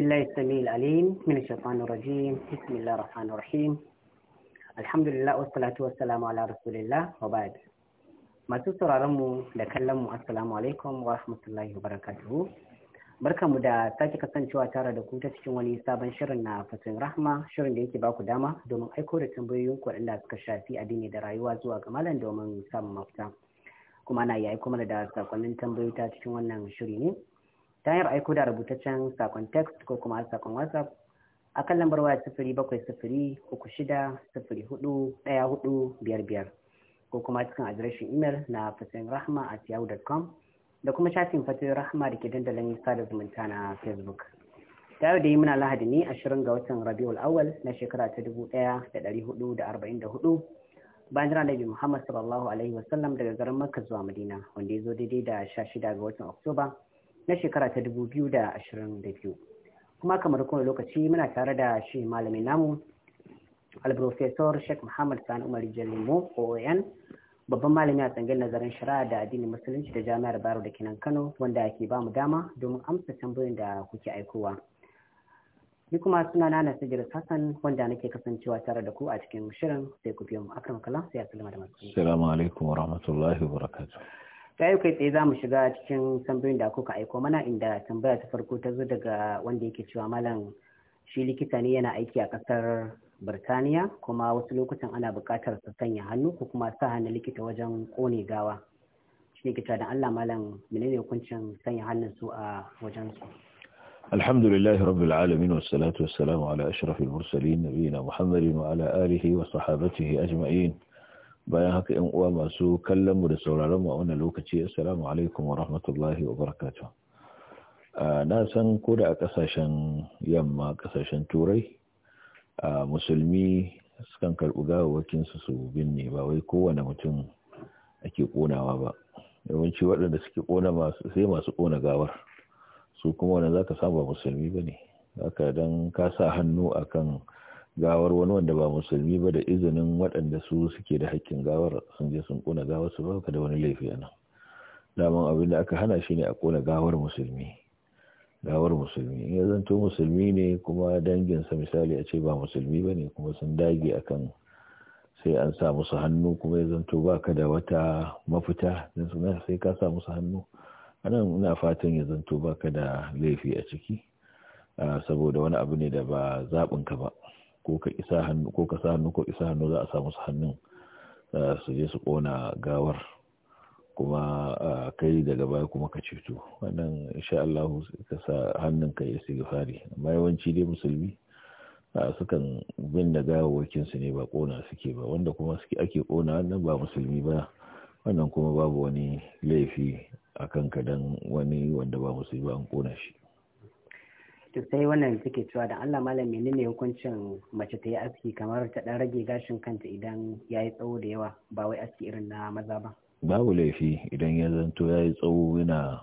بالله السميع العليم من الشيطان الرجيم بسم الله الرحمن الرحيم الحمد لله والصلاة والسلام على رسول الله وبعد masu sauraron mu da kallon mu assalamu alaikum wa rahmatullahi wa barakatuhu mu da sake kasancewa tare da ku ta cikin wani sabon shirin na fatin rahma shirin da yake ba ku dama domin aiko da tambayoyin ku da suka shafi addini da rayuwa zuwa ga malam domin samun mafita kuma na aiko mana da sakonnin tambayoyi ta cikin wannan shiri ne ta hanyar aiko da rubutaccen sakon text ko kuma sakon whatsapp a kan lambar waya sifiri bakwai sifiri uku shida sifiri hudu ɗaya hudu biyar biyar ko kuma cikin adireshin imel na fasin rahma at yahoo.com da kuma shafin fasin rahma da ke dandalin sada zumunta na facebook ta yau da yi muna lahadi ne ashirin ga watan rabiul awal na shekara ta dubu ɗaya da dari hudu da arba'in da hudu bayan jiran nabi muhammad sallallahu alaihi wasallam daga garin makka zuwa madina wanda ya zo daidai da sha shida ga watan oktoba na shekara ta dubu da da ashirin biyu, kuma kamar kowane lokaci muna tare da shi malamin namu alprofesor sheikh muhammad sani umar jalimu oon babban malami a tsangin nazarin shari'a da addinin musulunci da jami'ar baro da kinan kano wanda ke ba mu dama domin amsa tambayoyin da kuke aikowa ni kuma suna na nasiru hassan wanda nake kasancewa tare da ku a cikin shirin sai ku biyo mu akan kalan, sai da alaikum assalamu alaikum wa rahmatullahi ta yi kai tsaye za mu shiga cikin tambayoyin da kuka aiko mana inda tambaya ta farko ta zo daga wanda yake cewa malam shi likita ne yana aiki a kasar birtaniya kuma wasu lokutan ana bukatar su sanya hannu ko kuma sa hannun likita wajen kone gawa shi ne da allah malam menene hukuncin sanya hannun su a wajen su الحمد لله رب العالمين والصلاة والسلام على أشرف المرسلين نبينا محمد وعلى آله وصحابته أجمعين bayan haka yan uwa masu kallon mu da sauraron mu a wannan lokaci assalamu alaikum wa rahmatullahi wa barakatuh na san ko da a kasashen yamma kasashen turai musulmi sukan karɓi gawawakin su su binne ba wai kowane mutum ake konawa ba yawanci waɗanda suke kona sai masu kona gawar su kuma wanda zaka samu ba musulmi bane zaka dan ka sa hannu akan gawar wani wanda ba musulmi ba da izinin waɗanda su suke da haƙƙin gawar sun je sun ƙona gawar su baka da wani laifi a nan daman abin da aka hana shi ne a ƙona gawar musulmi gawar musulmi in ya zanto musulmi ne kuma danginsa misali a ce ba musulmi ba ne kuma sun dage a kan sai an sa musu hannu kuma ya zanto ba ka da wata mafita don na sai ka sa musu hannu anan ina fatan ya zanto ba ka da laifi a ciki saboda wani abu ne da ba zaɓinka ba ko ka isa hannu ko ka sa hannu ko isa hannu za a samu su hannun eh, su je su kona gawar kuma eh, kai daga baya kuma ka ceto wannan insha Allah ka sa hannun ka ya sigifari amma yawanci dai musulmi eh, sukan bin da gawawakin su ne ba kona suke ba wanda kuma suke ake kona wannan ba musulmi ba wannan kuma babu wani laifi akan kadan wani wanda ba musulmi ba an kona shi to sai wannan suke cewa da Allah malam menene hukuncin mace ta yi aski kamar ta dan rage gashin kanta idan yayi tsawo da yawa ba wai aski irin na maza ba babu laifi idan ya zanto ya yi tsawo yana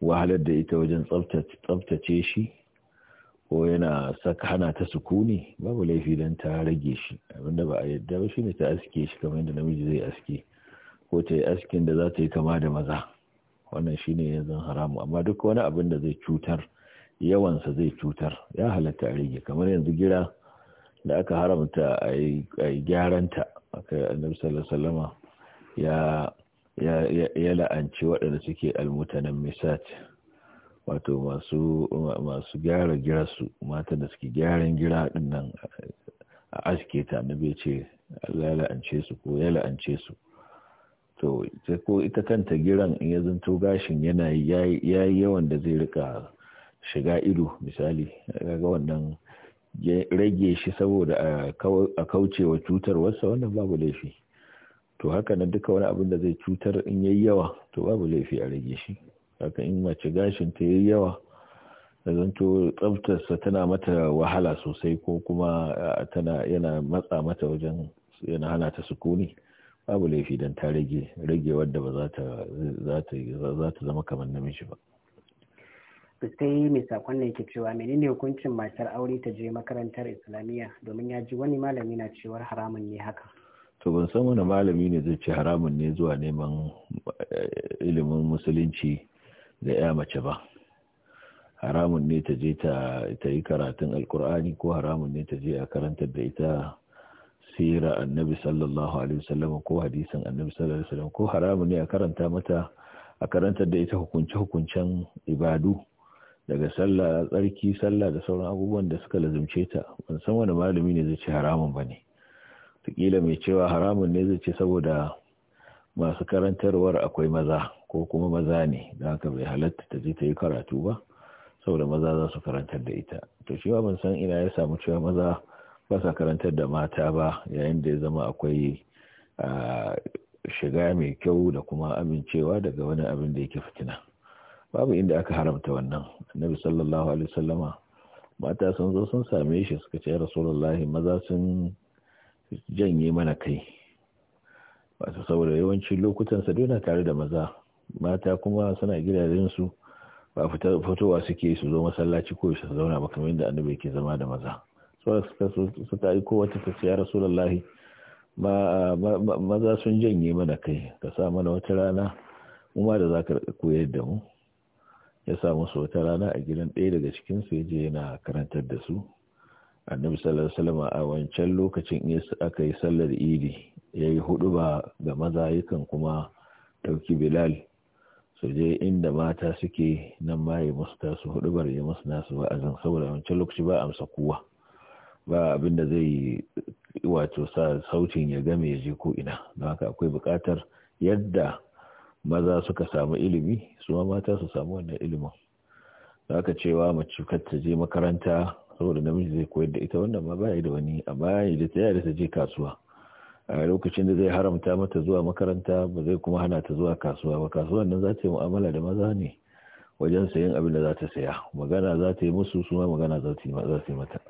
wahalar da ita wajen tsaftace shi ko yana saka hana ta sukuni babu laifi idan ta rage shi abinda ba a yadda ba shine ta aske shi kamar yadda namiji zai aske ko ta yi askin da za ta yi kama da maza wannan shine yanzu haramu amma duk wani abin da zai cutar yawansa zai cutar ya halatta a rage kamar yanzu gira da aka haramta a yi gyaranta a annabi sallallahu alaihi ya ya la'anci waɗanda suke almutanen misat wato masu masu gyara su mata da suke gyaran gira din nan a aske ta bai ce Allah ya la'ance su ko ya la'ance su to ko ita kanta giran in ya zanto gashin yana yayi yawan da zai rika shiga ido misali ga wannan rage shi saboda a kauce wa cutar wasa wannan babu laifi to haka na duka wani abin da zai cutar in yayi yawa to babu laifi a rage shi haka in mace gashin ta yayi yawa da zanto tsaftarsa tana mata wahala sosai ko kuma tana yana matsa mata wajen yana hana ta sukuni babu laifi dan ta rage rage wadda ba za ta zama kamar namiji ba sai mai sakon ne yake cewa menene hukuncin matar aure ta je makarantar islamiyya domin ya ji wani malami na cewar haramun ne haka to ban san wani malami ne zai ce haramun ne zuwa neman eh, ilimin musulunci da ya mace ba haramun ne ta je ta yi karatun alkur'ani ko haramun ne ta je a karantar da ita sira annabi sallallahu alaihi wasallam ko hadisin annabi sallallahu alaihi wasallam ko haramun ne a karanta mata a karantar da ita hukunce-hukuncen ibadu daga sallah tsarki sallah da sauran abubuwan da suka lazumce ta ban san wani malami ne zai ce haramun ba ne tukila mai cewa haramun ne zai ce saboda masu karantarwar akwai maza ko kuma maza ne da haka bai halatta ta je ta yi karatu ba saboda maza za su karantar da ita to shi ban san ina ya samu cewa maza ba sa karantar da mata ba yayin da ya zama akwai ah, shiga mai kyau da kuma amincewa daga wani abin da yake fitina babu inda aka haramta wannan annabi sallallahu alaihi wasallama mata sun zo sun same shi suka ce rasulullahi maza sun janye mana kai wato saboda yawancin lokutan sa dole tare da maza mata kuma suna gidajen su ba fitowa suke su zo masallaci ko su zauna ba kamar yadda annabi yake zama da maza saboda suka su ta yi wata ta ya rasulullahi maza sun janye mana kai ka sa mana wata rana mu da za ka koyar da mu ya samu su wata rana a gidan ɗaya daga cikin su je yana karantar da su annabi sallallahu alaihi a wancan lokacin aka yi sallar idi ya yi hudu ba ga maza yakan kuma ɗauki bilal su je inda mata suke nan ma yi musu tasu hudu bar ya musu nasu wa'azin saboda wancan lokaci ba amsa kowa ba abin da zai wato sa sautin ya game ya je ko ina don haka akwai bukatar yadda maza suka samu ilimi su ma mata su samu wannan ilimin zaka cewa mace kar ta je makaranta saboda namiji zai koyar da ita wannan ma ba da wani a baya da ta da ta je kasuwa a lokacin da zai haramta mata zuwa makaranta ba zai kuma hana ta zuwa kasuwa ba kasuwan nan za ta yi mu'amala da maza ne wajen sayan abin da za ta saya magana za ta yi musu ma magana za ta yi mata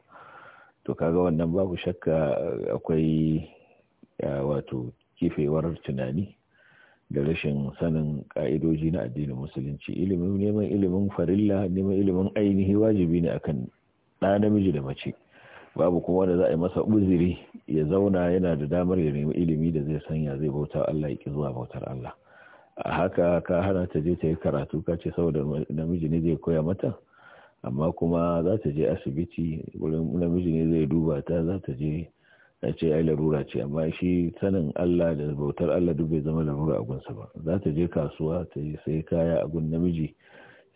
to kaga wannan babu shakka akwai wato kifewar tunani da rashin sanin ka'idoji na addinin musulunci ilimin neman ilimin farilla neman ilimin ainihi wajibi ne akan ɗa namiji da mace babu kuma wanda za a yi masa uzuri ya zauna yana da damar ya nemi ilimi da zai sanya zai bauta Allah ya ki zuwa bautar Allah a haka ka hana ta je ta yi karatu ka ce saboda namiji ne zai koya mata amma kuma za ta je asibiti wurin namiji ne zai duba ta za ta je ya ce ai larura ce amma shi sanin Allah da bautar Allah duk bai zama larura a gunsa ba za ta je kasuwa ta yi sai kaya a gun namiji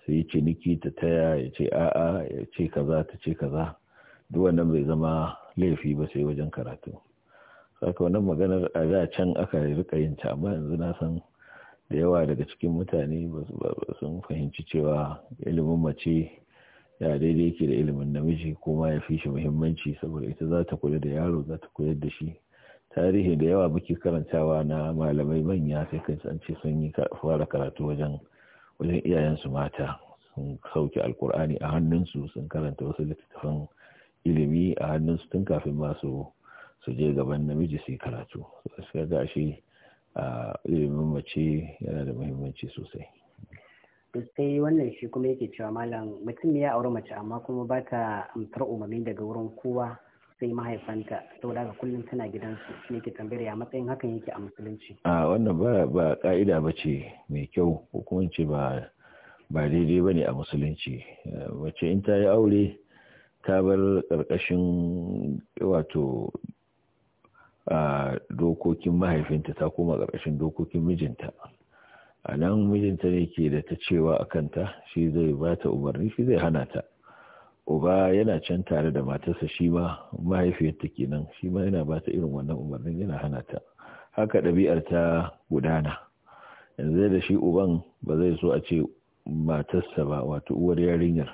sai yi ciniki ta taya ya ce a'a ya ce kaza ta ce kaza duk wannan bai zama laifi ba sai wajen karatu saka wannan maganar a da can aka rika yin ta amma yanzu na san da yawa daga cikin mutane sun fahimci cewa ilimin mace ya daidai yake da ilimin namiji kuma ya fi shi muhimmanci saboda ita za ta kula da yaro za ta koyar da shi tarihi da yawa muke karantawa na malamai manya sai kai san ce sun yi fara karatu wajen wajen iyayensu mata sun sauke alkur'ani a hannunsu sun karanta wasu littattafan ilimi a hannunsu tun kafin masu su je gaban namiji su yi karatu suka ga shi ilimin mace yana da muhimmanci sosai sai wannan shi kuma yake cewa malam mutum ya auri mace amma kuma ba ta amsar umarni daga wurin kowa sai mahaifanta saboda ga kullum tana gidansu shi yake tambayar ya matsayin hakan yake a musulunci a wannan ba ba ka'ida ba ce mai kyau ce ba ba daidai ba ne a musulunci eh, mace in ta yi aure ta bar ƙarƙashin wato ah, dokokin mahaifinta ta koma ƙarƙashin dokokin mijinta a nan mijinta ne ke da ta cewa a kanta shi zai ba ta umarni shi zai hana ta uba yana can tare da matarsa shi ma mahaifiyarta kenan shi ma yana ba ta irin wannan umarnin yana hana ta haka ɗabi'ar ta gudana yanzu da shi uban ba zai so a ce matarsa ba wato uwar yarinyar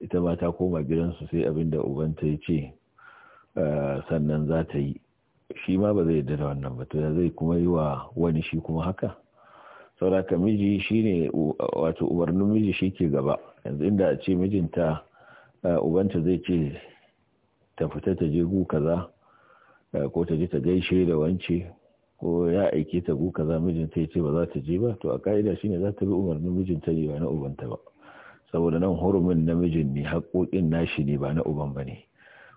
ita ma ta koma gidansu sai abin da ta ya ce eh, sannan za ta yi shi ma ba zai yarda da wannan ba to zai kuma yi wa wani shi kuma haka sauraka miji shine wato umarnin miji shi ke gaba yanzu inda a ce mijinta ubanta zai ce ta fita ta je gu kaza ko ta je ta gaishe da wance ko ya aike ta gu kaza mijinta ya ce ba za ta je ba to a ka'ida shine za ta bi umarnin mijinta ne ba na ubanta ba saboda nan hurumin namijin ne haƙoƙin nashi ne ba na uban ba ne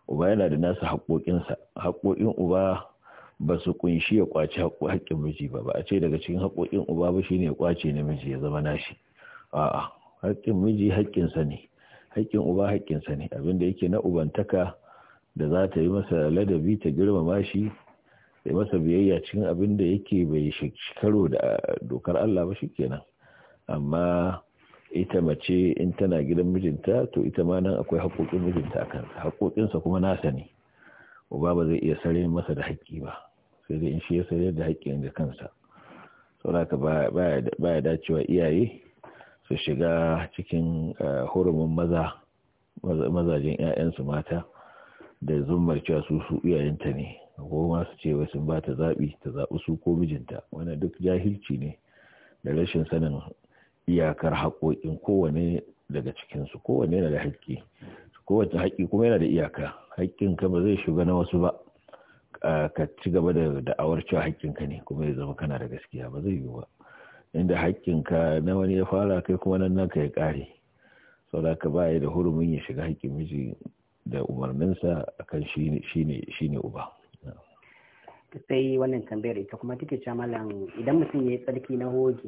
uba yana da nasa haƙoƙinsa haƙoƙin uba ba su kunshi ya kwaci haƙƙin miji ba ba a ce daga cikin haƙoƙin uba ba shine ya kwace namiji ya zama nashi a'a haƙƙin miji haƙinsa ne haƙƙin uba haƙƙinsa ne abinda yake na ubantaka da za ta yi masa ladabi ta girmama shi da masa biyayya cikin abin da yake bai karo da dokar Allah ba kenan amma ita mace in tana gidan mijinta to ita ma nan akwai haƙoƙin mijinta akan haƙoƙinsa kuma nasa ne uba ba zai iya sare masa da haƙƙi ba sai dai in shi ya sayar da haƙƙin ga kansa saboda ba ya dacewa iyaye su shiga cikin eh, hurumin maza mazajen 'ya'yansu mata da zummar cewa su su iyayenta ne ko ma su ce wai sun ba ta zaɓi ta zaɓi su ko mijinta wani duk jahilci ne da rashin sanin iyakar haƙoƙin kowane daga cikinsu kowane yana da haƙƙi kowace haƙƙi kuma yana da iyaka haƙƙin ka ba zai shiga na wasu ba ka ci gaba da da'awar cewa ka ne kuma ya zama kana da gaskiya ba zai yiwu ba inda haƙƙinka na wani ya fara kai kuma nan naka ya ƙare saboda ka ba da hurumin ya shiga haƙƙin miji da umarninsa kan shi ne uba sai wannan tambayar ita kuma take cewa malam idan mutum ya yi tsarki na hoge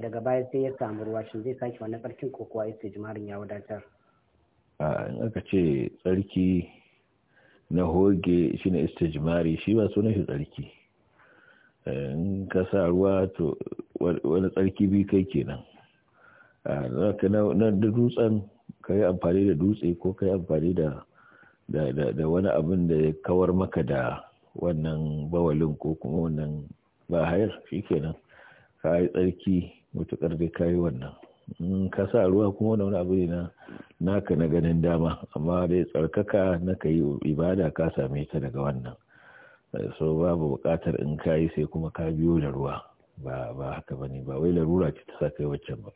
daga baya sai ya samu ruwa shin zai sake wannan tsarkin ko kuwa ya jimarin ya wadatar in aka ce tsarki na hoge shi ne istijimari shi ba sunan shi tsarki eh, in ka sa ruwa to wani tsarki bi kai kenan ah, na dutsen ka yi amfani da dutse ko ka yi amfani da da wani abin da ya kawar maka da wannan bawalin ko kuma wannan bahayar shi kenan ka yi tsarki mutukar dai ka yi wannan in ka sa ruwa kuma wani abu ne na naka na ganin dama amma dai tsarkaka na ka yi ibada ka same ta daga wannan so babu buƙatar in ka yi sai kuma ka biyo da ruwa ba ba haka ba wai larura ce ta sa kai waccan ba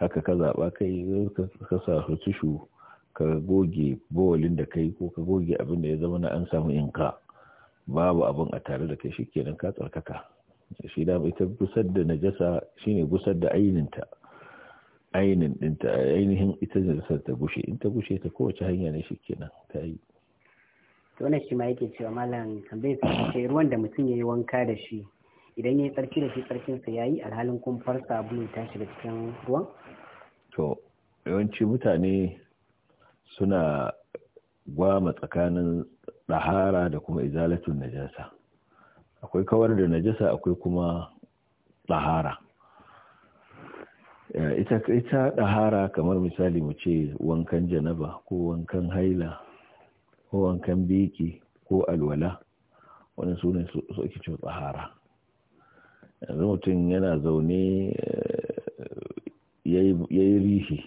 haka ka zaɓa kai ka sa su tushu ka goge bowalin da kai ko ka goge abin da ya zama na an samu in ka babu abin a tare da kai shi kenan ka tsarkaka shi da ita gusar da najasa shine gusar da ta. ainin ɗinta ainihin ita da ta gushe in ta gushe ta kowace hanya ne shi kenan ta yi to wannan shi ma yake cewa malam tambayar sa ce ruwan da mutum ya yi wanka da shi idan ya yi tsarki da shi tsarkin sa yayi alhalin kun farsa sabulu ta shiga cikin ruwan to yawanci mutane suna gwama tsakanin ɗahara da kuma izalatun najasa akwai kawar da najasa akwai kuma ɗahara Eh, ita ita ɗahara kamar misali mu ce wankan janaba ko wankan haila ko wankan biki ko alwala wani su ne su ake ce tsahara yanzu mutum yana zaune eh, ya yi rihi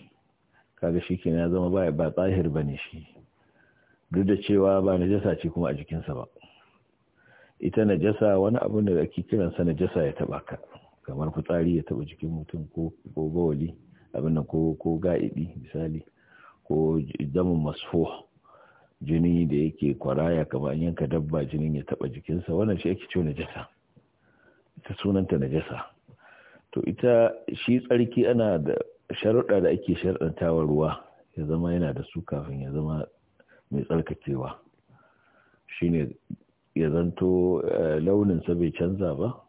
kaga shi kenan ya zama ba tsahir ba ne shi duk da cewa ba najasa ce kuma a jikinsa ba ita najasa wani abu ne da ake kiransa najasa ya taba ka kamar fitsari ya taba jikin mutum ko ko bawali abin ko ko ga'idi misali ko damun masfo jini da yake kwaraya kamar an yanka dabba jinin ya taba jikinsa wannan shi ake ce najasa ita sunanta najasa to ita shi tsarki ana da sharuɗa da ake sharɗantawa ruwa ya zama yana da su kafin ya zama mai tsarkakewa shine ya zanto eh, launinsa bai canza ba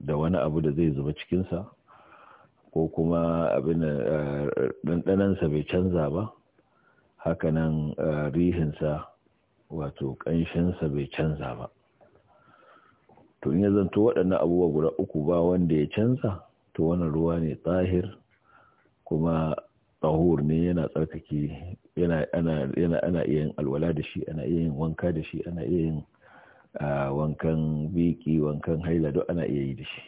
da wani abu da zai zuba cikinsa ko kuma abin eh, ɗanɗanansa bai canza ba hakanan eh, rihinsa wato ƙanshinsa bai canza ba to ya zanto waɗannan abubuwa guda uku ba wanda ya canza to wani ruwa ne tsahir kuma tsahur ne yana tsarkake yana ana iya yin alwala da shi ana iya yin wanka da shi ana iya yin wankan biki wankan haila duk ana iya yi da shi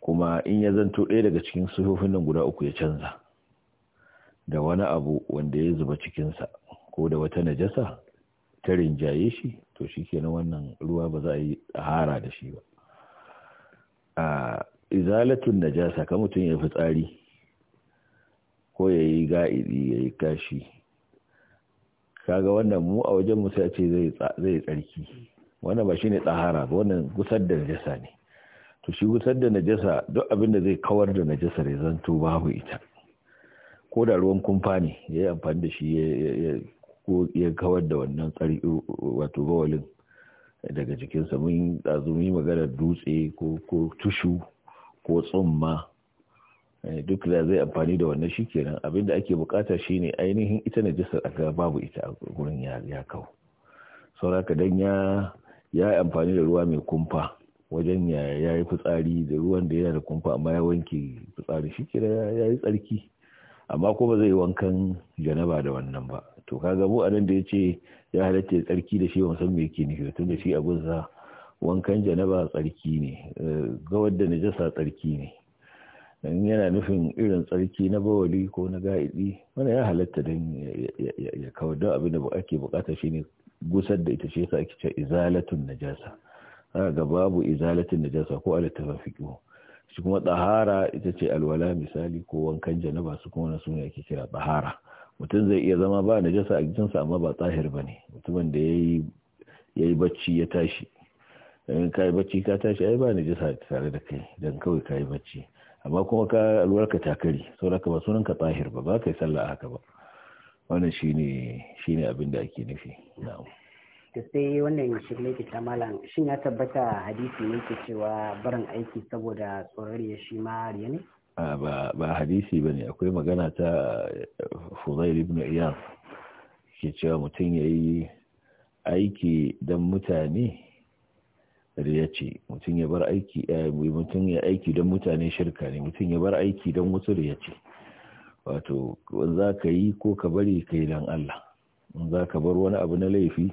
kuma in ya zanto ɗaya daga cikin sufofin nan guda uku ya canza da wani abu wanda ya zuba cikinsa ko da wata najasa ta rinjaye shi to shi kenan wannan ruwa ba za a yi hara da shi ba a izalatun najasa ka mutum ya fi tsari ko ya yi ga'idi ya yi kashi kaga wannan mu a wajen mu sai ce zai tsarki wannan ba shine tsahara ba wannan gusar da najasa ne to shi gusar da najasa duk abin da zai kawar da najasa ya zanto babu ita ko da ruwan kumfa ne ya yi amfani da shi ya kawar da wannan tsarki uh, uh, wato bawalin daga jikinsa mun yi yi maganar dutse ko tushu ko tsumma Eh, duk da zai amfani da wannan shi kenan abinda ake bukata shine ainihin ita na najasar a ga babu ita a gurin ya kawo ka dan ya ya amfani da ruwa mai kumfa wajen ya yi fitsari da ruwan da yana da kumfa amma ya wanke fitsari shi kira ya yi tsarki amma kuma zai wankan janaba da wannan ba to ka kaga a nan da ya ce ya halatta tsarki da shi wasan mai ke nufi tun da shi abin sa wankan janaba tsarki ne eh, ga wadda najasa tsarki ne in yana nufin irin tsarki na bawali ko na ga'idi wanda ya halatta don ya kawar abin da ake bukata ne gusar da ita ce ake ce izalatun najasa ga babu izalatun najasa ko alittafin fiqh shi kuma tsahara ita ce alwala misali ko wankan janaba su kuma na suna ake kira tsahara mutum zai iya zama ba najasa a gidansa amma ba tsahir ba ne mutumin da yi bacci ya tashi in kai bacci ka tashi ai ba najasa tare da kai dan kawai kayi bacci amma kuma ka alwarka ka takari saboda ba sunan ka tsahir ba ba ka yi sallah haka ba wannan shine ne abin da ake nufi na'am da sai wannan shirme ke ta malam shin ya tabbata hadisi ne ke cewa barin aiki saboda tsoron ya shi ma riya ne ba hadisi ba ne akwai magana ta fuzail ibn ke cewa mutum ya yi aiki don mutane da ya ce mutum ya bar aiki eh, mutum ya aiki don mutane shirka ne mutum ya bar aiki don wasu da ya ce wato za ka yi ko ka bari ka yi don Allah za ka bar wani abu na laifi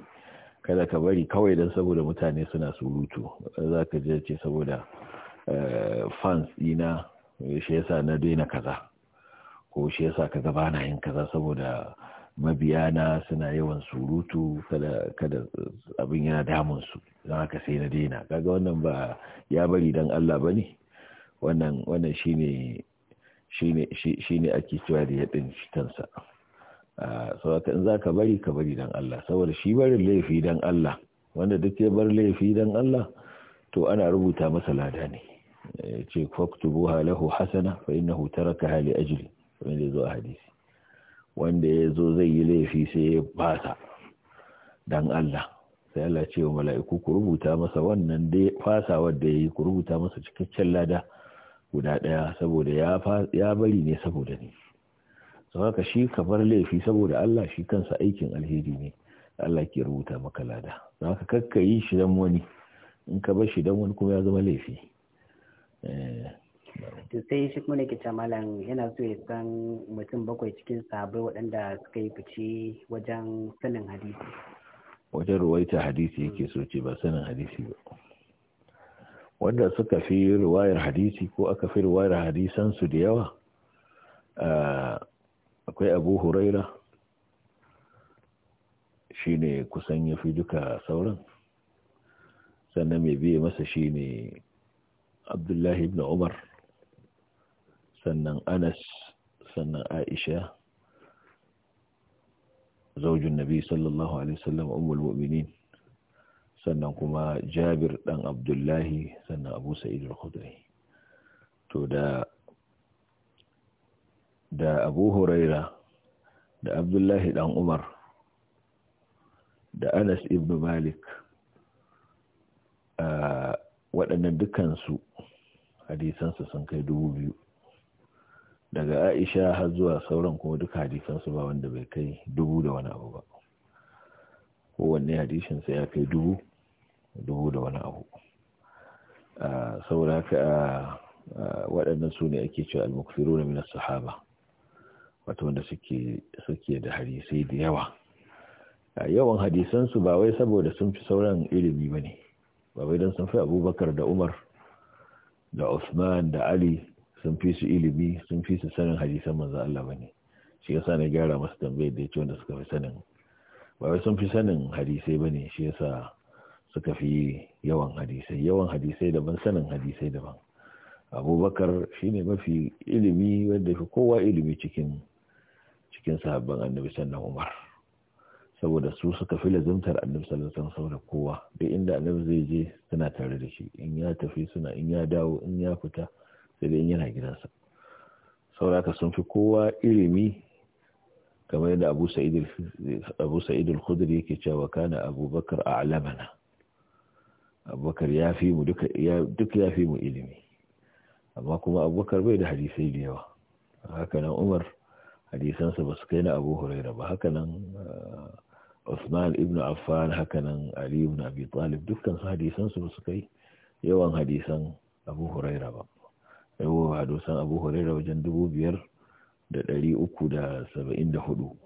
kada ka bari kawai don saboda mutane suna surutu za ka je saboda eh, fans ɗina shi yasa na daina kaza ko shi yasa kaza na yin kaza saboda mabiyana suna yawan surutu kada abin yana damun su don haka sai na daina kaga wannan ba ya bari dan Allah bane wannan wannan shine shine shine ake cewa da ya din a ah, saboda in zaka bari ka bari dan Allah saboda shi barin laifi dan Allah wanda duk ya bar laifi dan Allah to ana rubuta masa lada ne ce faktubuha lahu hasana fa innahu taraka li ajli wanda zo a hadisi wanda ya zo zai yi laifi sai ya fasa don Allah sai Allah ce wa mala'iku ku rubuta masa wannan da fasa wanda ya yi ku rubuta masa cikakken lada guda ɗaya saboda ya bari ne saboda ni sau haka shi kamar laifi saboda Allah shi kansa aikin alheri ne Allah ke rubuta maka lada za ka kakka yi shi don wani in ka bar shi don wani kuma ya zama laifi eh, to sai shi kuma ne ke malam yana so ya san mutum bakwai cikin sabai waɗanda suka yi fice wajen sanin hadisi wajen ruwaita hadisi yake so ce ba sanin hadisi ba wanda suka fi ruwayar hadisi ko aka fi ruwayar su da yawa akwai abu huraira shi ne kusan ya fi duka sauran sannan mai biye masa shi ne abdullahi ibn umar sannan anas sannan aisha zaujin nabi sallallahu alaihi wasallam ummul mu'minin sannan kuma jabir ɗan abdullahi sannan abu sa'id al-khudri to da da abu huraira da abdullahi ɗan umar da anas ibn malik ah, waɗannan dukansu hadisansa sun kai dubu biyu daga aisha har zuwa sauran kuma duka hadisansu ba wanda bai kai dubu da wani abu ba kowanne hadishinsa ya kai dubu dubu da wani abu ka a waɗannan su ne ake cewa al na minar sahaba wato wanda suke da hadisai da yawa yawan hadisansu ba wai saboda sun fi sauran ilimi ba ne ba wai don sun fi abubakar da umar da usman da ali sun fi su ilimi sun fi su sanin hadisan manzo Allah bane shi yasa na gyara masa tambayar da yake wanda suka fi sanin ba wai sun fi sanin hadisai bane shi yasa suka fi yawan hadisai yawan hadisai daban sanin hadisai daban abubakar shine mafi ilimi wanda fi kowa ilimi cikin cikin sahabban annabi sannan umar saboda su suka fi lazimtar annabi sallallahu alaihi wasallam da kowa duk inda annabi zai je suna tare da shi in ya tafi suna in ya dawo in ya fita sai dai yana gidansa sauraka sun fi kowa ilimi kamar yadda abu sa'idul al yake cewa kana abubakar a a'lamana abubakar ya fi mu duk ya fi mu ilimi amma kuma abubakar bai da hadisai da yawa hakanan umar hadisansa ba su kai na abu huraira ba hakanan ah, usman ibn affan hakanan ali ibn abi talib dukkan su hadisansu ba su kai yawan hadisan abu huraira ba yawo hadisan abu huraira wajen dubu biyar da dari uku da saba'in da hudu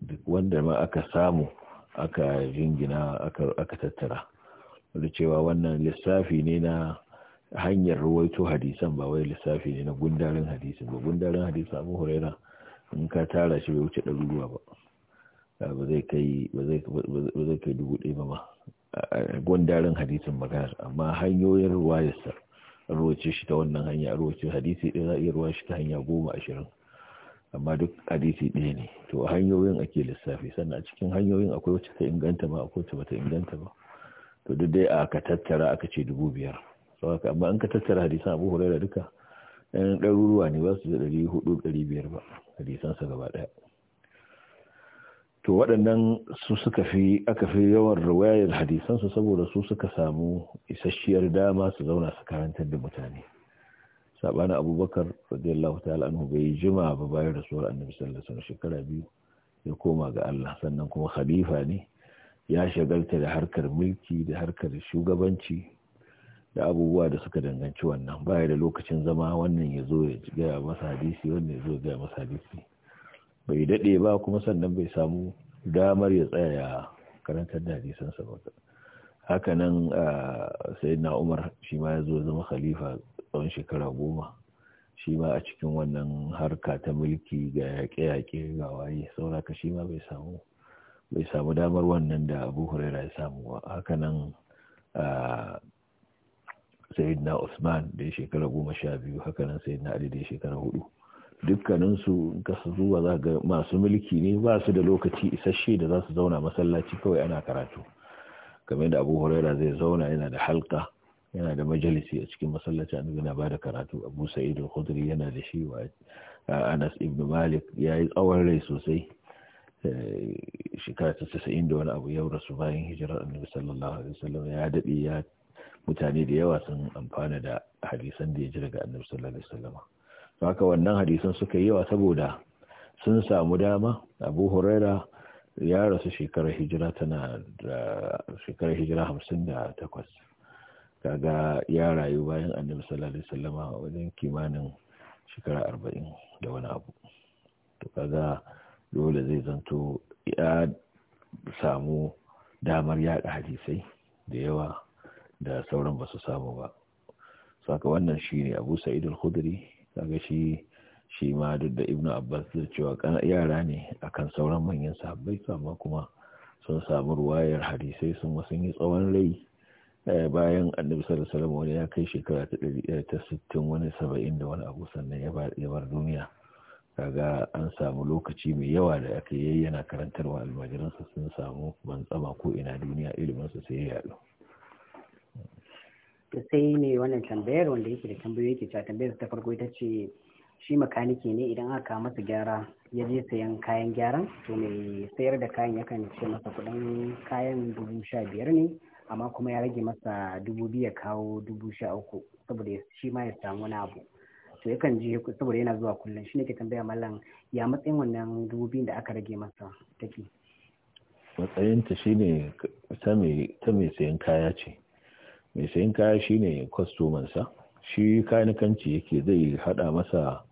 duk wanda ma aka samu aka jingina aka tattara da cewa wannan lissafi ne na hanyar ruwaito hadisan ba wai lissafi ne na gundarin hadisan ba gundarin hadisan abu huraira in ka tara shi bai wuce ɗaruruwa ba ba zai kai dubu ɗaya ba ma gundarin hadisan magana amma hanyoyin ruwayarsa ruwace shi ta wannan hanya ruwace hadisi ɗaya za a iya ruwa shi ta hanya goma ashirin amma duk hadisi ɗaya ne to a hanyoyin ake lissafi sannan a cikin hanyoyin akwai wacce ta inganta ba akwai wacce bata inganta ba to duk dai aka tattara aka ce dubu biyar saboda amma an ka tattara hadisan abu huraira duka ɗan ɗaruruwa ne ba su da ɗari hudu ɗari biyar ba hadisansa gaba ɗaya to waɗannan su suka fi aka fi yawan ruwayar hadisansu saboda su suka samu isasshiyar dama su zauna su karantar da mutane sabanin abubakar radiyallahu ta'ala anhu bai yi jima ba bayan rasuwar annabi sallallahu alaihi shekara biyu ya koma ga Allah sannan kuma khalifa ne ya shagalta da harkar mulki da harkar shugabanci da abubuwa da suka danganci wannan baya da lokacin zama wannan ya zo ya masa hadisi wannan ya zo ya gaya masa hadisi bai daɗe ba kuma sannan bai samu damar ya tsaya ya karantar da sa ba haka nan sai na umar shi ma ya zo zama khalifa tsawon shekara goma shi ma a cikin wannan harka ta mulki ga yaƙe-yaƙe ga waye sauraka shi ma bai samu bai samu damar wannan da abu huraira ya samu ba haka nan sayyidina usman da ya shekara goma sha biyu haka nan sayyidina ali da ya shekara hudu dukkaninsu in ka zuwa za ga masu mulki ne ba su da lokaci isasshe da za su zauna masallaci kawai ana karatu kamar da abu huraira zai zauna yana da halka yana da majalisi a cikin masallaci annabi ba bada karatu abu sa'id al-khudri yana da shi wa anas ibn malik yayi tsawon rai sosai eh, shekara ta 90 da wani abu ya rasu bayan hijirar annabi sallallahu alaihi wasallam ya daɗe ya mutane da yawa sun amfana da hadisan da ya ji daga annabi sallallahu alaihi wasallam haka wannan hadisan suka yi yawa saboda sun samu dama abu huraira ya rasu shekarar hijira tana da shekarar hijira hamsin da takwas kaga ya rayu bayan annabi sallallahu alaihi wajen kimanin shekara arba'in da wani abu to kaga dole zai zanto ya samu damar yaɗa hadisai da yawa da sauran ba su samu ba saka wannan shine abu sa'id al kaga shi shi ma duk da ibnu abbas da cewa yara ne akan sauran manyan sahabbai amma kuma sun samu ruwayar hadisai sun sun yi tsawon rai eh, bayan annabi sallallahu alaihi wani ya kai shekara ta ɗari eh, ta wani saba'in da wani abu sannan ya bar duniya kaga an samu lokaci mai yawa da aka yi yana karantarwa almajiransa sun samu ban tsama ko ina duniya iliminsa sai ya yaɗu sai mai wannan tambayar wanda yake da tambayoyi yake cewa tambayar ta farko ita ce shi makaniki ne idan aka masa gyara ya je sayan kayan gyaran to mai sayar da kayan yakan ce masa kuɗin kayan dubu sha biyar ne amma kuma ya rage masa dubu biyu ya kawo dubu sha uku saboda shi ma ya samu wani abu to yakan je saboda yana zuwa kullum shi ne ke tambaya mallam ya matsayin wannan dubu biyun da aka rage masa take matsayinta shine ta mai sayan kaya ce mai sayin kaya shine kwastomansa shi kanikanci yake zai hada masa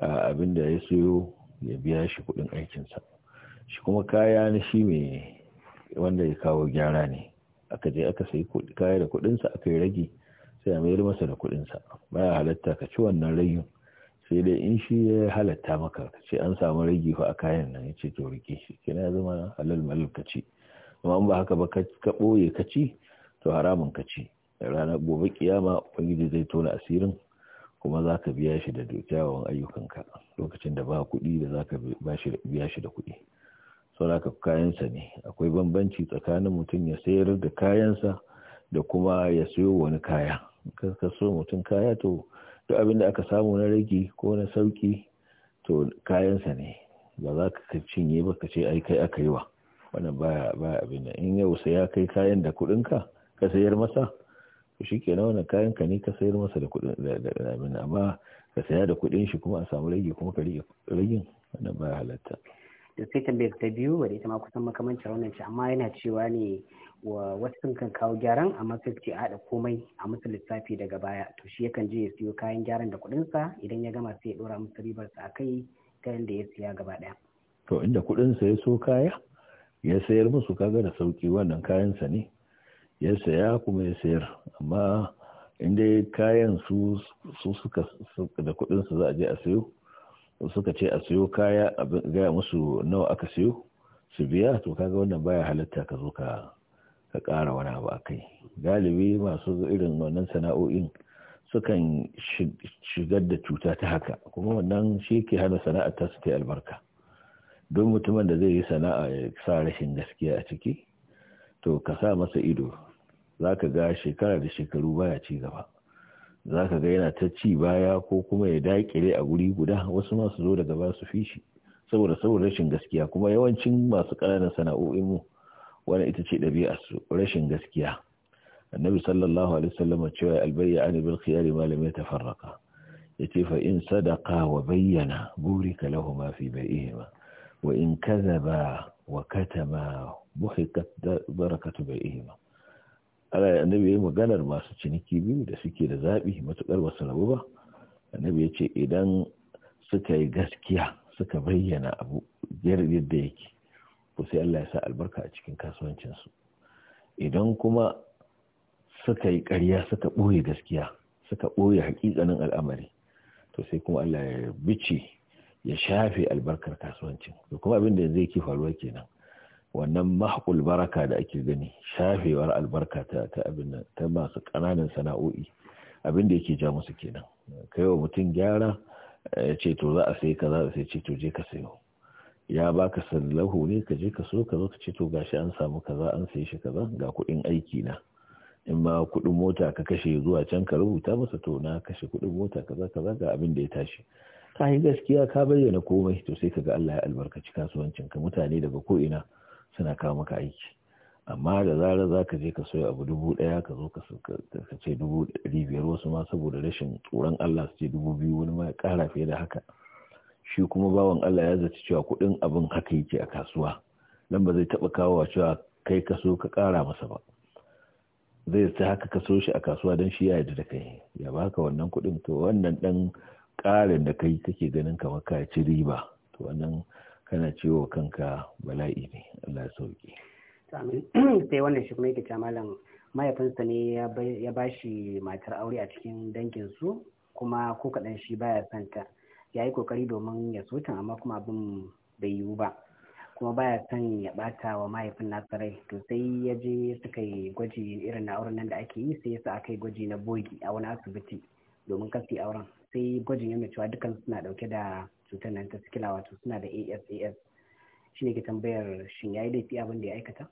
abin da ya siyo ya biya shi kudin aikinsa shi kuma kaya na shi mai wanda ya kawo gyara ne aka je aka sayi kaya da kudinsa aka yi ragi sai a mayar masa da kudinsa baya halatta ka ci wannan ragin sai dai in shi ya halatta maka ka ce an samu ragi fa a kayan nan ya ce to rike shi kina zama halal malal ka ci amma ba haka ba ka ɓoye ka ci to haramun ka ce ranar gobe kiyama ubangiji zai tona asirin kuma za ka biya shi da kyawawan ayyukanka lokacin da ba kuɗi da za ka biya shi da kuɗi sauraka kayansa ne akwai bambanci tsakanin mutum ya sayar da kayansa da kuma ya sayo wani kaya kan ka so mutum kaya to duk abin da aka samu na rage ko na sauki to kayansa ne ba za ka cinye ba ka ce ai kai aka yi wa wannan baya abin abin in yau ya kai kayan da kuɗinka ka sayar masa shi ke na kayan ka ne ka sayar masa da kudin da amma ka saya da kudin shi kuma a samu rage kuma ka rage ragin wannan ba halatta da sai tambayar ta biyu wadda ita ma kusan makamancin wannan ce amma yana cewa ne wa wasu sun kan kawo gyaran amma sai ce haɗa komai a musu lissafi daga baya to shi yakan je ya siyo kayan gyaran da kuɗinsa idan ya gama sai ya ɗora musu ribarsa a kai kayan da ya siya gaba daya to inda kuɗinsa ya so kaya ya sayar musu kaga da sauki wannan kayansa ne ya saya kuma ya sayar amma inda kayan su suka da kudin su za a je a sayo suka ce a sayo kaya a gaya musu nawa aka sayo su biya to kaga wannan baya halatta ka zo ka ka ƙara wani abu kai galibi masu irin wannan sana'o'in sukan shigar da cuta ta haka kuma wannan shi ke hana sana'a ta su ta albarka don mutumin da zai yi sana'a ya sa rashin gaskiya a ciki to ka sa masa ido za ka ga shekara da shekaru baya ci gaba za ka ga yana ta ci baya ko kuma ya daƙile a guri guda wasu masu zo daga ba su fi shi saboda saboda rashin gaskiya kuma yawancin masu ƙananan sana'o'in mu wani ita ce ɗabi'a su rashin gaskiya annabi sallallahu alaihi wasallam cewa albayya an bil khiyar ma lam yatafarraqa yace fa in sadaqa wa bayyana burika lahum fi bai'ihima wa in kadhaba wa katama buhikat barakatu bai'ihima annabi ya yi maganar masu ciniki biyu da suke da zaɓi matuƙar wasu rabu ba annabi ya ce idan suka yi gaskiya suka bayyana abu yadda yake ku sai Allah ya sa albarka a cikin kasuwancinsu idan kuma suka yi ƙarya suka ɓoye gaskiya suka ɓoye haƙiƙanin al'amari to sai kuma Allah ya bice ya shafe albarkar kasuwancin da kuma abin da zai ke faruwa kenan wannan mahaƙul baraka da ake gani shafewar albarka ta abin nan ta masu ƙananan sana'o'i abin da yake ja musu kenan kai wa mutum gyara eh, ya ce to za a sai ka za a sai to je ka sayo ya baka sallahu ne ka je ka so ka zo ka ce to gashi an samu kaza an sayi shi kaza ga kuɗin aiki na in ma kuɗin mota ka kashe zuwa can ka rubuta masa to na kashe kuɗin mota kaza kaza ga abin da ya tashi ka yi gaskiya ka bayyana komai to sai ka ga Allah ya albarkaci kasuwancinka mutane daga ko ina suna kawo maka aiki amma da zarar za ka je ka soya abu dubu ɗaya ka zo ka ce dubu ɗari biyar wasu ma saboda rashin tsoron Allah su ce dubu biyu wani ma ya ƙara fiye da haka shi kuma bawan Allah ya zaci cewa kuɗin abin haka yake a kasuwa nan ba zai taɓa kawowa cewa kai ka so ka ƙara masa ba zai ta haka ka so shi a kasuwa don shi ya yi da kai ya baka wannan kuɗin to wannan ɗan ƙarin da kai kake ganin kamar ka ci riba to wannan kana ciwo kanka bala'i ne Allah sauki sai wannan shi kuma yake ce malam mahaifinsa ne ya ba shi matar aure a cikin dangin su kuma ko kaɗan shi baya santa ya yi kokari domin ya sutan amma kuma abin bai yiwu ba kuma baya son ya bata wa mahaifin nasa rai to sai ya je suka yi gwaji irin na auren nan da ake yi sai ya sa aka yi gwaji na bogi a wani asibiti domin kasi auren sai gwajin ya cewa dukkan suna ɗauke da cutar nan ta sikila wato suna da asas shi ne ke tambayar shin ya yi laifi abin da ya aikata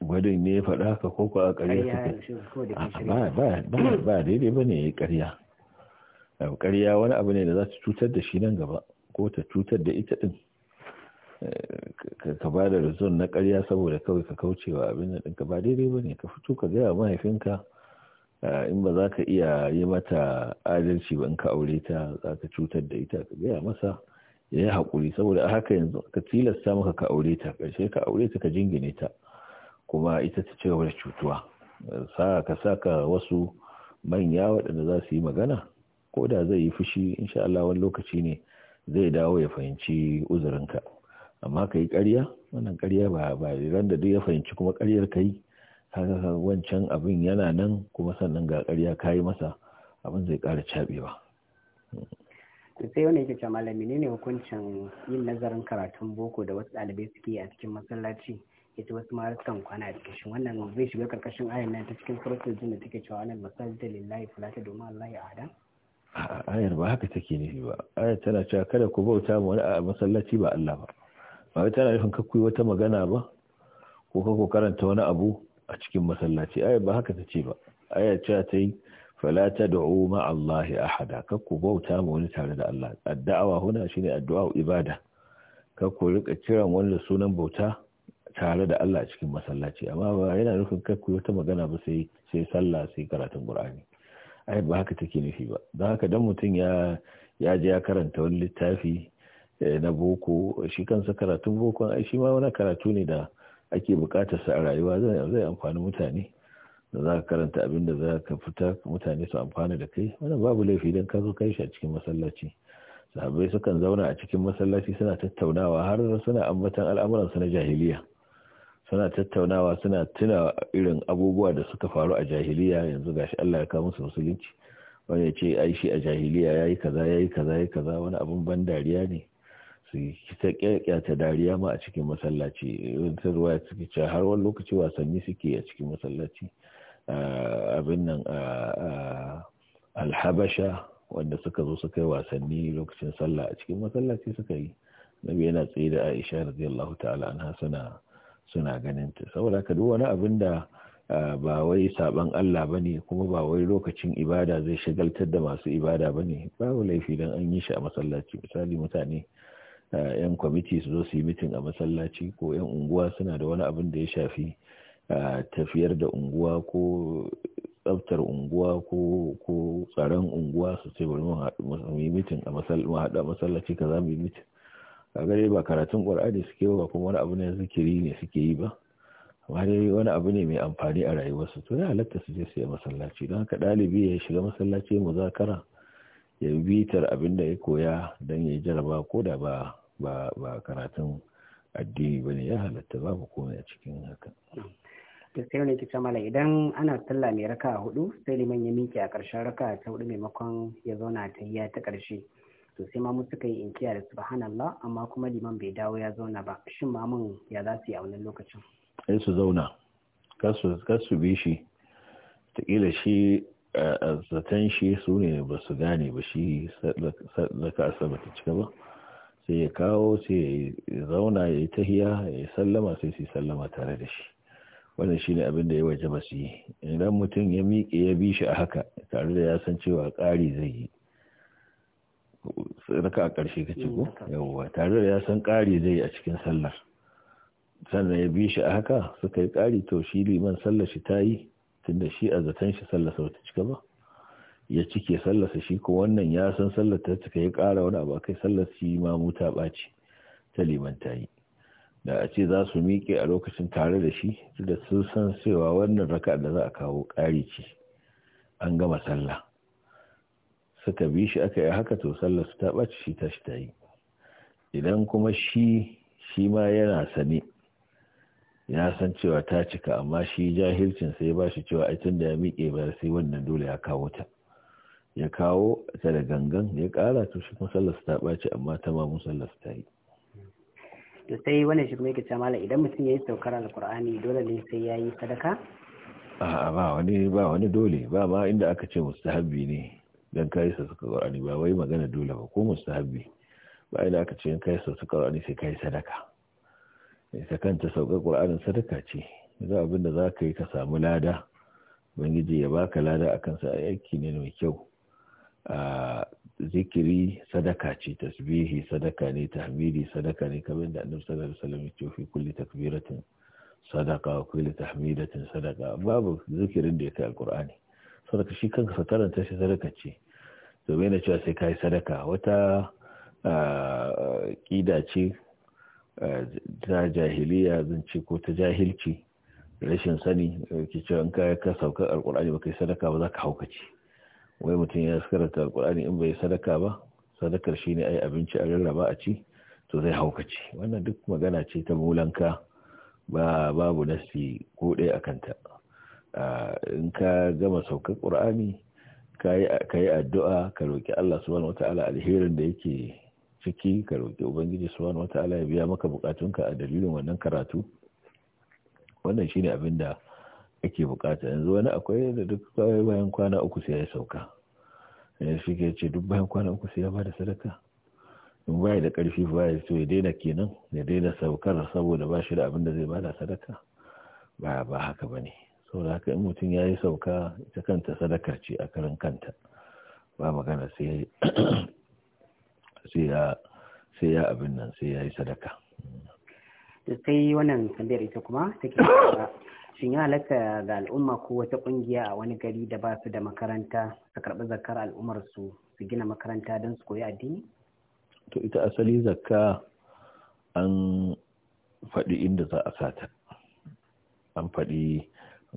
gwadon ne ya faɗa ka ko ko a ƙarya suke ba daidai ba ne ya ƙarya ƙarya wani abu ne da za ta cutar da shi nan gaba ko ta cutar da ita ɗin eh, ka ba da rizon na ƙarya saboda kawai ka kaucewa abin da ɗinka ba daidai ba ne ka fito ka gaya mahaifinka Eh, in ba za ka iya yi mata adalci ba in ka aure ta za ka cutar da ita ka gaya masa ya yi haƙuri saboda a haka yanzu ka tilasta maka ka aure ta ƙarshe ka aure ta ka jingine ta kuma ita ta ci da cutuwa eh, sa ka saka wasu manya waɗanda za su yi magana ko da zai yi fushi insha Allah wani lokaci ne zai dawo ya fahimci uzurinka amma ka yi ƙarya wannan ƙarya ba ba ran da duk ya fahimci kuma ƙaryar ka yi kaga wancan abin yana nan kuma sannan ga ƙarya yi masa abin zai ƙara ba. to sai wani yake cewa ne hukuncin yin nazarin karatun boko da wasu ɗalibai suke a cikin masallaci yace wasu ma kwana a cikin wannan zai shiga karkashin ayar nan ta cikin suratul jin da take cewa wannan da lillahi fala domin Allah ya ahada ayar ba haka take nufi ba ayar tana cewa kada ku bauta ma wani a masallaci ba Allah ba ba tana nufin kakkuyi wata magana ba ko ka ko karanta wani abu a cikin masallaci aya ba haka ta ce ba aya cewa ta yi fala tad'u ma Allah ahada kar ku bauta ma wani tare da Allah addu'a huna shine addu'a ibada ka ku rika kiran wani da sunan bauta tare da Allah a cikin masallaci amma ba yana nufin kar ku wata magana ba sai sai sallah sai karatun Qur'ani ai ba haka take nufi ba don haka dan mutum ya ya je ya karanta wani littafi eh, na boko shi kansa karatun boko ai shi ma wani karatu ne da ake bukatar sa a rayuwa zai amfani mutane da za ka karanta abin da za ka fita mutane su amfana da kai wannan babu laifi idan ka zo kai shi a cikin masallaci sahabbai sukan zauna a cikin masallaci suna tattaunawa har suna ambatan al'amuran su na jahiliya suna tattaunawa suna tuna irin abubuwa da suka faru a jahiliya yanzu Ga shi Allah ya kawo musu musulunci wani ya ce ai a jahiliya yayi kaza yayi kaza yayi kaza wani abun ban dariya ne su ta kyakkyata dariya ma a cikin masallaci ta ruwa suke cewa har wani lokaci wasanni suke a cikin masallaci abin nan alhabasha wanda suka zo suka yi wasanni lokacin sallah a cikin masallaci suka yi nabi yana tsaye da aisha radiyallahu ta'ala anha suna suna ganin ta saboda ka duk wani abin da ba wai saban Allah bane kuma ba wai lokacin ibada zai shagaltar da masu ibada ba bane babu laifi dan an yi shi a masallaci misali mutane Eh, yan kwamiti su zo su yi mitin a masallaci ko yan unguwa suna da wani abin da ya shafi eh, tafiyar da unguwa ko tsaftar unguwa ko tsaron unguwa su ce bari mu yi mitin a masallaci ka za mu yi mitin a gare ba karatun ƙwar'ani suke ba kuma wani abu ne zikiri ne suke yi ba amma wani abu ne mai amfani a rayuwarsu to ya halatta su je su yi masallaci don haka ɗalibi ya shiga masallaci muzakara ya bitar abin da ya koya don ya jaraba ko da ba ba karatun addini ba ne, ya halatta babu komai a cikin haka to sai wani kicin mala idan ana sallah mai raka hudu sai liman ya miki a ƙarshen raka ta hudu maimakon ya zauna ta yi ta ƙarshe to sai mamu suka yi inkiya da subhanallah amma kuma liman bai dawo ya zauna ba shin mamun ya za su yi a wannan lokacin sai su zauna kar su bi shi taƙila shi eh, a zaton shi su ne ba su gane ba shi sadaka asabar ta cika ba sai ya kawo sai ya zauna ya yi tahiya ya yi sallama sai su sallama tare da shi wannan shine abin da ya waje ba su yi idan mutum ya miƙe ya bi shi a haka tare da ya san cewa ƙari zai yi raka a ƙarshe ka ci ko mm, yawwa tare da ya san ƙari zai yi a cikin sallar sannan ya bi shi a haka suka yi ƙari to shi liman sallar shi ta yi tunda shi a zaton shi sallar sau ta cika ba ya cike sallarsa shi ko wannan ya san sallar ta cika ya ƙara wani abu kai sallar shi ma muta ɓaci ta liman ta yi da a ce za su miƙe a lokacin tare da shi da sun san cewa wannan raka da za a kawo ƙari ce an gama sallah suka bi shi aka yi haka to sallar su ta ɓaci shi ta shi ta yi idan kuma shi shi ma yana sane ya san cewa ta cika amma shi jahilcin sai ba shi cewa ai tun da ya miƙe ba sai wannan dole ya kawo ta ya kawo ta da gangan ya kara to shi kuma sallar ta ɓaci amma ta ma sallar ta yi to sai wannan shi kuma yake cewa malam idan mutum yayi saukar alqur'ani dole ne sai yayi sadaka a'a ba wani ba wani dole ba ma inda aka ce mustahabbi ne dan kai sa suka qur'ani ba wai magana dole ba ko mustahabbi ba inda aka ce kai sa suka qur'ani sai kai sadaka ita kanta saukar qur'anin sadaka ce yanzu abin da za ka yi ka samu lada ubangiji ya baka lada akan sa aiki ne mai kyau zikiri sadaka ce tasbihi sadaka ne tahmidi sadaka ne kamar da annabi sallallahu alaihi wasallam ya ce kulli takbiratin sadaka wa kulli tahmidatin sadaka babu zikirin da ya kai alqur'ani sadaka shi kanka karanta shi sadaka ce domin na cewa sai kai sadaka wata kida ce ta jahiliya zan ce ko ta jahilci rashin sani ke cewa in ka sauka alqur'ani ba kai sadaka ba za ka ci. wai mutum ya karanta alkur'ani in bai sadaka ba sadakar shine ai abinci a rarraba a ci to zai hauka ci wannan duk magana ce ta mulanka ba babu nasi ko ɗaya a kanta in ka gama saukar ƙur'ani ka yi addu'a ka roƙi Allah subhanahu wata'ala alherin da yake ciki ka roƙi ubangiji subhanahu wata'ala ya biya maka bukatunka a dalilin wannan karatu wannan shine abin da ake bukata yanzu wani akwai da duk bayan kwana uku sai ya sauka ya shi ke ce duk bayan kwana uku sai ya bada sadaka in baya da karfi baya so ya daina kenan ya daina saukar saboda ba shi da abin da zai bada sadaka ba ba haka bane saboda haka in mutum ya yi sauka ita kanta sadakar ce a karin kanta ba magana sai ya sai abin nan sai ya yi sadaka sai wannan tambayar ita kuma take shin ya halatta ga al'umma ko wata kungiya a wani gari da ba su da makaranta su karɓi zakar al'ummar su su gina makaranta don su koyi addini to ita asali zakka an faɗi inda za a sata an faɗi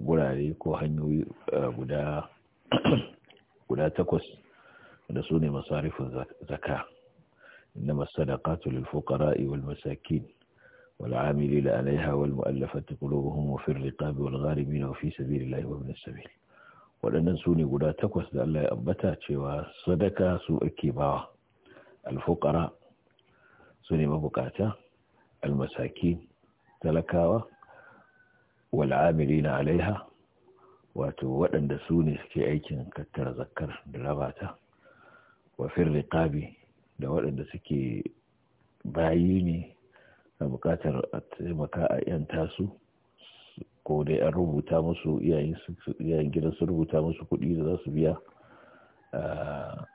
gurare ko hanyoyi eh, guda guda takwas da su ne masarifin zakka inna masadaqatu lil fuqara'i wal masakin والعاملين عليها والمؤلفة قلوبهم وفي الرقاب والغارمين وفي سبيل الله وابن السبيل waɗannan su guda takwas da Allah ya ambata cewa sadaka su ke bawa alfukara su mabukata almasaki talakawa wal'amirina alaiha wato waɗanda su ke aikin kattara zakkar da rabata wafin riƙabi da waɗanda suke bayi na buƙatar a taimaka a yan tasu ko dai an rubuta musu iyayen gidan su rubuta musu kuɗi da za su biya a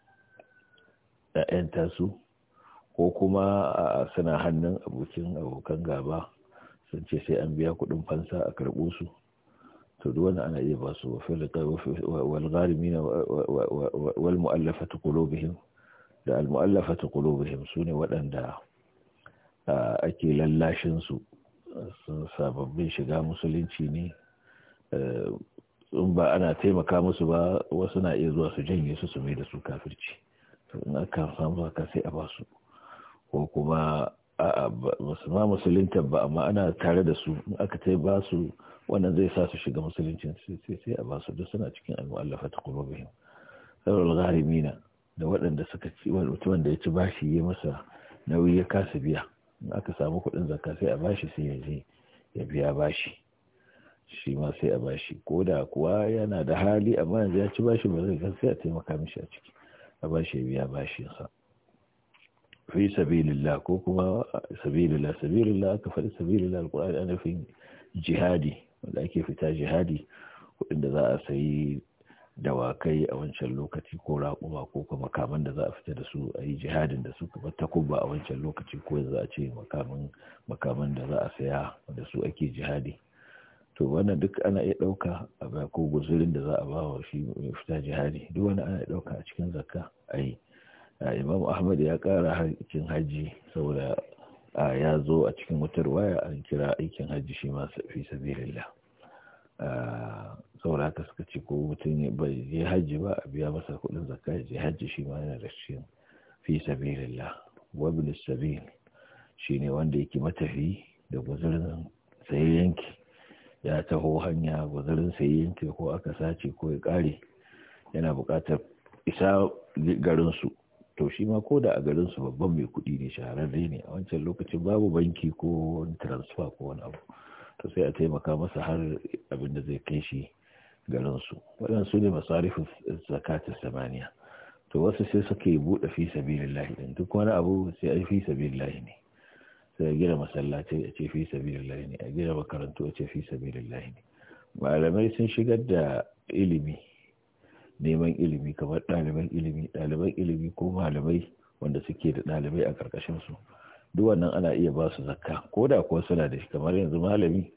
yan tasu ko kuma a suna hannun abokin abokan gaba sun ce sai an biya kuɗin fansa a karɓo su to duk wani ana iya ba su walgarimi gharimina wal mu'allafatu qulubihim da al mu'allafatu su sune waɗanda ake su sun sababbin shiga musulunci ne in ba ana taimaka musu ba wasu na iya zuwa su janye su su mai da su kafirci in aka samu haka sai a ba su ko kuma ma musulunta ba amma ana tare da su in aka ta ba su wannan zai sa su shiga musuluncin sai sai a ba su duk suna cikin al'ullafa ta kuma bihim sauran gharimina da waɗanda suka ci wanda ya ci bashi ya masa nauyi ya kasa biya in aka samu kuɗin zakka sai a bashi sai ya je ya biya bashi shi ma sai a bashi ko da kuwa yana da hali amma yanzu ya ci bashi ba zai gan sai a taimaka mishi a ciki a bashi ya biya sa fi sabilillah ko kuma sabilillah sabilillah aka faɗi sabilillah alƙur'ani ana fi jihadi wanda ake fita jihadi kuɗin da za a sayi dawakai a wancan lokaci ko raƙuma ko kuma makaman da za a fita da su a yi jihadin da su kuma takubba a wancan lokaci ko za a ce makaman da za a saya da su ake jihadi to wannan duk ana iya ɗauka a ba ko guzurin da za a ba wa shi fita jihadi duk wani ana iya ɗauka a cikin zakka a yi imam ahmad ya ƙara aikin hajji saboda a ya zo a cikin wutar waya an kira aikin hajji shi ma fi sabilillah saura haka suka ce ko mutum bai je hajji ba a biya masa kuɗin zakka je hajji shi ma yana da shi fi sabilillah wa ibn sabil shine wanda yake matafi da guzurin sai yanki ya taho hanya guzurin sai yanki ko aka sace ko ya kare yana bukatar isa garin su to shi ma ko da a garin su babban mai kuɗi ne shahararre ne a wancan lokacin babu banki ko wani transfer ko wani abu to sai a taimaka masa har abin da zai kai shi garinsu waɗansu ne masarifin zakatun samaniya to wasu sai suka yi buɗe fi sabilillahi din duk wani abu sai ai fi sabilillahi ne sai a gina masallaci a ce fi sabilillahi ne a gina makarantu a ce fi sabilillahi ne malamai sun shigar da ilimi neman ilimi kamar ɗaliban ilimi ɗaliban ilimi ko malamai wanda suke da ɗalibai a ƙarƙashin su duk wannan ana iya ba su zakka ko da kuwa suna da shi kamar yanzu malami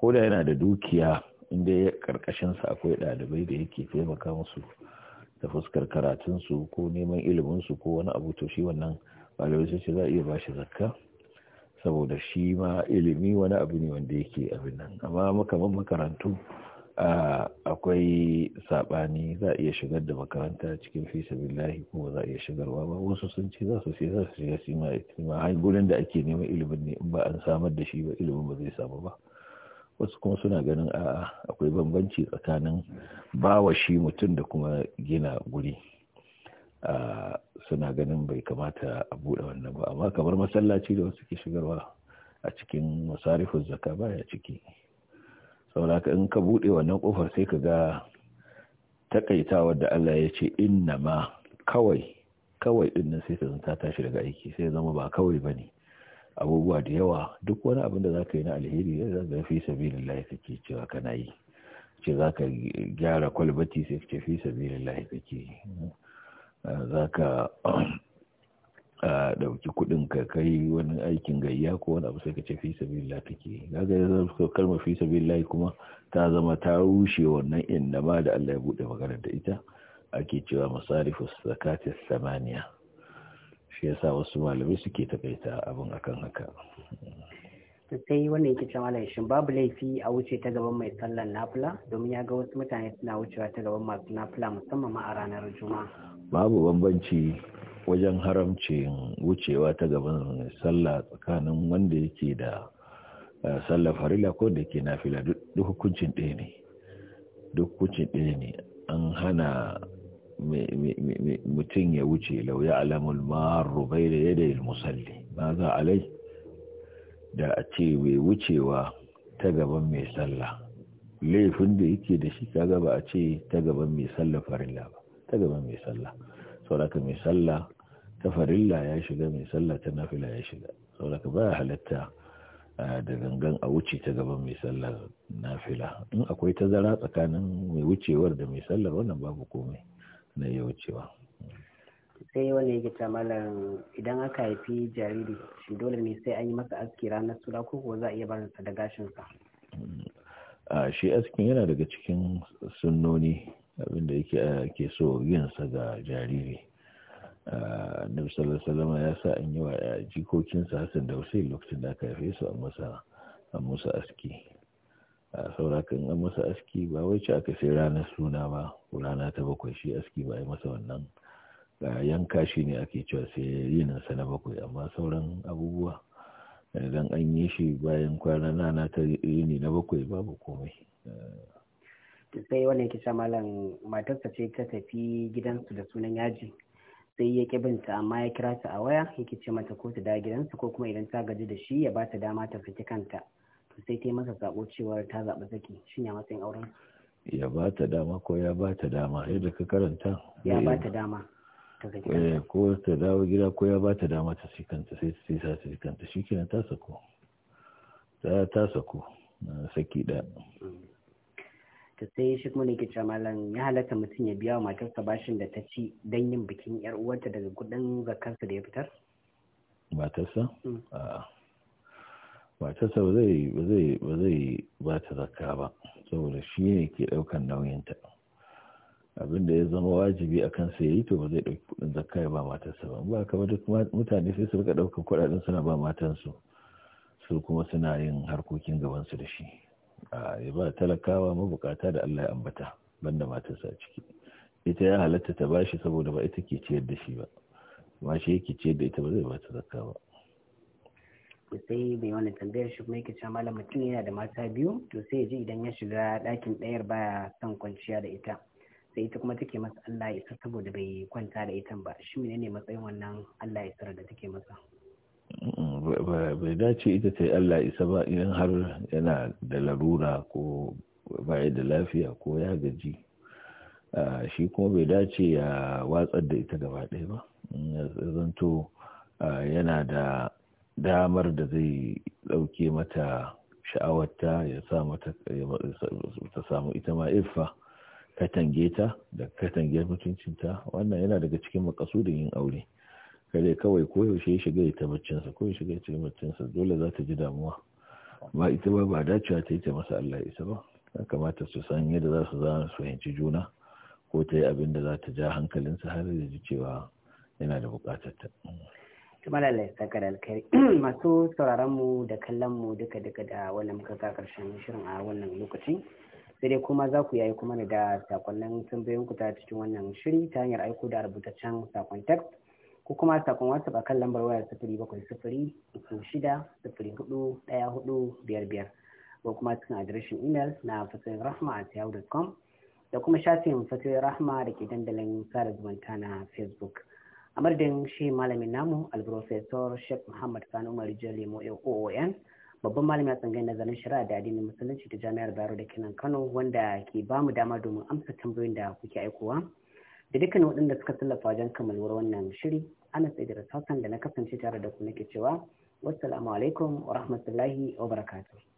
ko da yana da dukiya inda ya sa akwai ɗalibai da yake taimaka musu da fuskar karatun su ko neman ilimin su ko wani abu to shi wannan malamai sun ce za a iya ba shi zakka saboda shi ma ilimi wani abu ne wanda yake abin nan amma makaman makarantu akwai saɓani za a iya shigar da makaranta cikin billahi ko za a iya shigarwa ba wasu sun ce za su sai za su shiga sima gurin da ake neman ilimin ne in ba an samar da shi ba ilimin ba zai samu ba wasu kuma suna ganin a'a akwai bambanci tsakanin bawa shi mutum da kuma gina guri suna ganin bai kamata a buɗe wannan ba amma kamar masallaci da wasu ke shigarwa a cikin masarifin zaka baya ciki saboda in ka buɗe wannan ƙofar sai ka ga takaitawar da Allah ya ce inna ma kawai kawai din nan sai ta zanta tashi daga aiki sai zama ba kawai ba ne abubuwa da yawa duk wani abin da za ka yi na alheri ne zaka fi sabilillahi kake cewa kana yi ce ka gyara kwalbati sai kace fi sabilillahi kake zaka dauki kudin ka kai wani aikin gayya ko wani abu sai kace fi sabilillahi kake kaga yanzu kalmar fi sabilillahi kuma ta zama ta rushe wannan ma da Allah ya bude magana da ita ake cewa masarifus zakatis samaniya shi yasa wasu malamai suke takaita abin akan haka sai wannan yake cewa shin babu laifi a wuce ta gaban mai sallar nafila domin ya ga wasu mutane suna wucewa ta gaban masu nafila musamman ma a ranar juma'a babu bambanci wajen haramcin wucewa ta gaban sallah tsakanin wanda yake da eh, sallar farila ko da ke nafila duk duk hukuncin ɗaya ne an hana mutum ya wuce lauya alamun alamul maru bai da yadda musalli ba za a lai? da a ce mai wucewa ta gaban mai sallah laifin da yake da shi ka gaba a ce ta gaban mai sallah farilla ba ta gaban mai sallah sauraka mai sallah ta farilla ya shiga mai sallah ta nafila ya shiga sauraka ba halatta da gangan a wuce ta gaban mai sallar nafila in akwai tazara tsakanin mai wucewar da mai sallah wannan babu komai na yau cewa. sai wani yake ta malam idan aka haifi jariri shi dole ne sai an yi masa aski ranar suna ko kuwa za a iya barin sa da gashinsa a shi askin yana daga cikin sunnoni abinda yake eh, ke so yin sa ga jariri annabi salama ya sa an yi wa eh, jikokinsa hasan da Hussein lokacin da aka haife su a masa aski a saurakan an masa aski ba wai ci aka sai ranar suna ba rana ta bakwai shi aski ba a yi masa wannan yanka shi ne ake cewa sai yininsa na bakwai amma sauran abubuwa idan an yi shi bayan kwana nana ta yini na bakwai babu komai sai wannan kisa malam matarsa ce ta tafi gidansu da sunan yaji sai ya kibinta amma ya kira ta a waya yake ce mata ko ta da gidansu ko kuma idan ta gaji da shi ya ba ta dama ta fita kanta sai ta masa sako cewar ta zaɓi saki shi ne matsayin auren ya ba ta dama ko ya ba ta dama yadda ka karanta ya ba eh. ta dama eh, ko ta dawo gida ko ya ba ta dama ta kanta sai ta sa ta kanta shi kenan ta sako ta ta sako saki da mm. ta sai shi kuma ne ke cewa ya halatta mutum ya biya wa matarsa bashin da ta ci don yin bikin yar uwarta daga kudin zakarsa da ya fitar matarsa mm. a'a matarsa ba zai zai zai ba ta zakka ba saboda shi ne ke ɗaukan nauyinta abin da ya zama wajibi a kan sai yi to ba zai ɗauki kuɗin zakka ya ba matarsa ba ba kamar duk mutane sai su rika ɗaukan kuɗaɗen suna ba matansu su kuma suna yin harkokin gaban su da shi ya ba talakawa mabukata da Allah ya ambata banda matarsa a ciki ita ya halatta ta bashi saboda ba ita ke ciyar da shi ba ma shi yake ciyar da ita ba zai ba ta zakka ba to sai bai wani tambayar shi kuma yake cewa malam mutum yana da mata biyu to sai ya ji idan ya shiga ɗakin ɗayar baya son kwanciya da ita sai ita kuma take masa Allah ya isa saboda bai kwanta da ita ba shi menene matsayin wannan Allah ya isa da take masa bai dace ita ta yi Allah isa ba idan har yana da larura ko baya da lafiya ko ya gaji shi kuma bai dace ya watsar da ita gaba ɗaya ba zanto yana da damar da zai ɗauke mata sha'awarta ya sa mata ta samu ita ma iffa katange ta da katange mutuncinta wannan yana daga cikin makasudin yin aure kare kawai koyaushe shiga ita tabbacinsa ko shiga ita tabbacinsa dole za ta ji damuwa ba ita ba ba dacewa ta yi ta masa Allah isa ba ya kamata su san yadda za su zama su fahimci juna ko ta yi abin da za ta ja hankalinsa har da ji cewa yana da bukatar ta. kuma lalai sakar alkari masu sauraron mu da kallon mu duka duka da wannan muka ga karshen shirin a wannan lokacin sai dai kuma za ku yayi kuma da sakonnin tambayoyin ku ta cikin wannan shiri ta hanyar aiko da rubutaccen sakon text ko kuma sakon whatsapp akan lambar waya sifiri bakwai sifiri uku shida sifiri hudu ɗaya hudu biyar biyar ko kuma cikin adireshin imel na fasirin rahma a yahoo.com da kuma shafin fasirin rahma da ke dandalin sada zumunta na facebook a madadin shi malamin namu alprofesor sheikh muhammad sani umar jalimo oon babban malamin a tsangayin nazarin shari'a da addinin musulunci ta jami'ar bayero da kenan kano wanda ke ba mu dama domin amsa tambayoyin da kuke aikowa da dukkan waɗanda suka tallafa wajen kammaluwar wannan shiri ana tsaye da da na kasance tare da ku nake cewa wassalamu alaikum wa rahmatullahi wa barakatuh